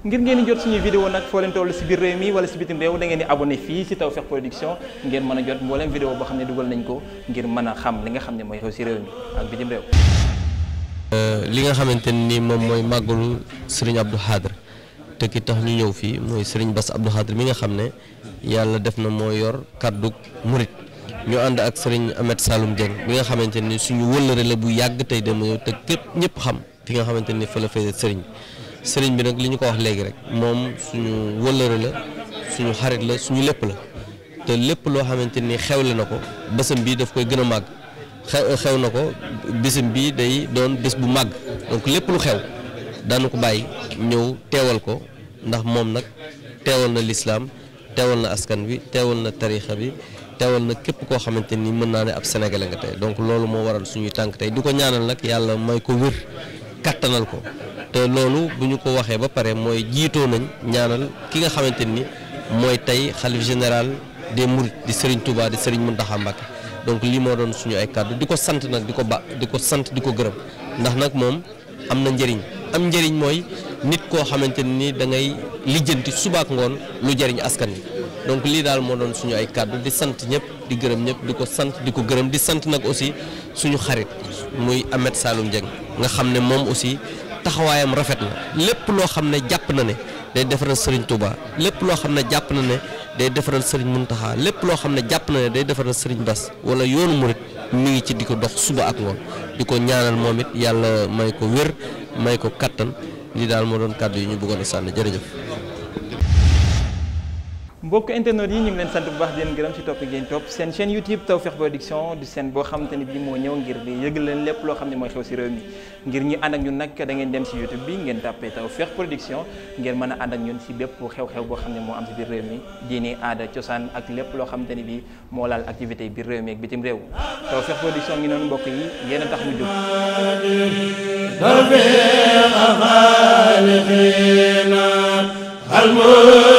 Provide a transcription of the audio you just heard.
ngir ngeen jot suñuy vidéo nag foo leen toll si biir réew mi wala si bitim réew da ngeen di abonné fii si Tawfekh Production ngeen mën a jot mbooleem vidéo boo xam ne dugal nañ ko ngir mën a xam li nga xam ne mooy xew si ak bitim euh, li nga xamante ni moom mooy màggalu sëriñ Abdou xaadar te ki tax ñu ñëw fii mooy sëriñ Bass Abdou Khadre mi nga xam ne yàlla def na moo yor kaddu murit ñu ànd ak sëriñ Ahmed Saloum Dieng bi nga xamante ni suñu wëllëre la bu yàgg tey dem te képp ñëpp xam fi nga xamante ni fa la fay sëriñ sëriñ bi nag li ñu ko wax léegi rek moom suñu wëllëre la suñu xarit la suñu lépp la te lépp loo xamante ni xewle na ko bésam bii daf koy gën a màgg xew na ko bésam bii day doon bés bu màgg donc lépp lu xew daanu ko bàyyi ñëw teewal ko ndax moom nag teewal na lislaam teewal na askan bi teewal na tariixa bi teewal na képp koo xamante nii mën naa ne ab sénégalais nga tey donc loolu moo waral suñuy tànk tey di ko ñaanal nag yàlla may ko wér kattanal ko te loolu bu ñu ko waxee ba pare mooy jiitoo nañ ñaanal ki nga xamante ni mooy tey xalif général des mourides di sëriñ Touba di Serigne Mountakha Mbacké donc lii moo doon suñu ay kàddu di ko sant nag di ko ba di ko sant di ko gërëm ndax nag moom am na njëriñ am njëriñ mooy nit koo xamante ni da ngay lijjanti subaak ngoon lu jëriñ askan wi donc lii daal moo doon suñu ay kàddu di sant ñëpp di gërëm ñëpp di ko sant di ko gërëm di sant nag aussi suñu xarit muy Ahmed Saloum jëng nga xam ne moom aussi taxawaayam rafet na lépp loo xam ne jàpp na ne day defaral sëriñ Touba lépp loo xam ne jàpp na ne day defaral Serigne Mountakha lépp loo xam ne jàpp na ne day defaral Serigne bas wala yoonu murit mi ngi ci di ko dox suba ak ngoon di ko ñaanal moom it yàlla may ko wér may ko kattan li daal moo doon kàddu yi ñu bëggoon a sànni jërëjëf. mbokk internet yi ñu ngi leen sant bu baax di leen gërëm si topp ngeen topp seen chaîne YouTube Tawfekh Production di seen boo xamante ni bi moo ñëw ngir di leen lépp loo xam ne mooy xew si réew mi ngir ñu ànd ak ñun nag da ngeen dem si YouTube bi ngeen tàppee Tawfekh Production ngeen mën a ànd ak ñun si bépp xew-xew boo xam ne moo am si biir réew mi diini aada cosaan ak lépp loo xamante ne bi moo laal activité biir réew mi ak bitim réew Tawfekh Production ngi noonu mbokk yi yéen a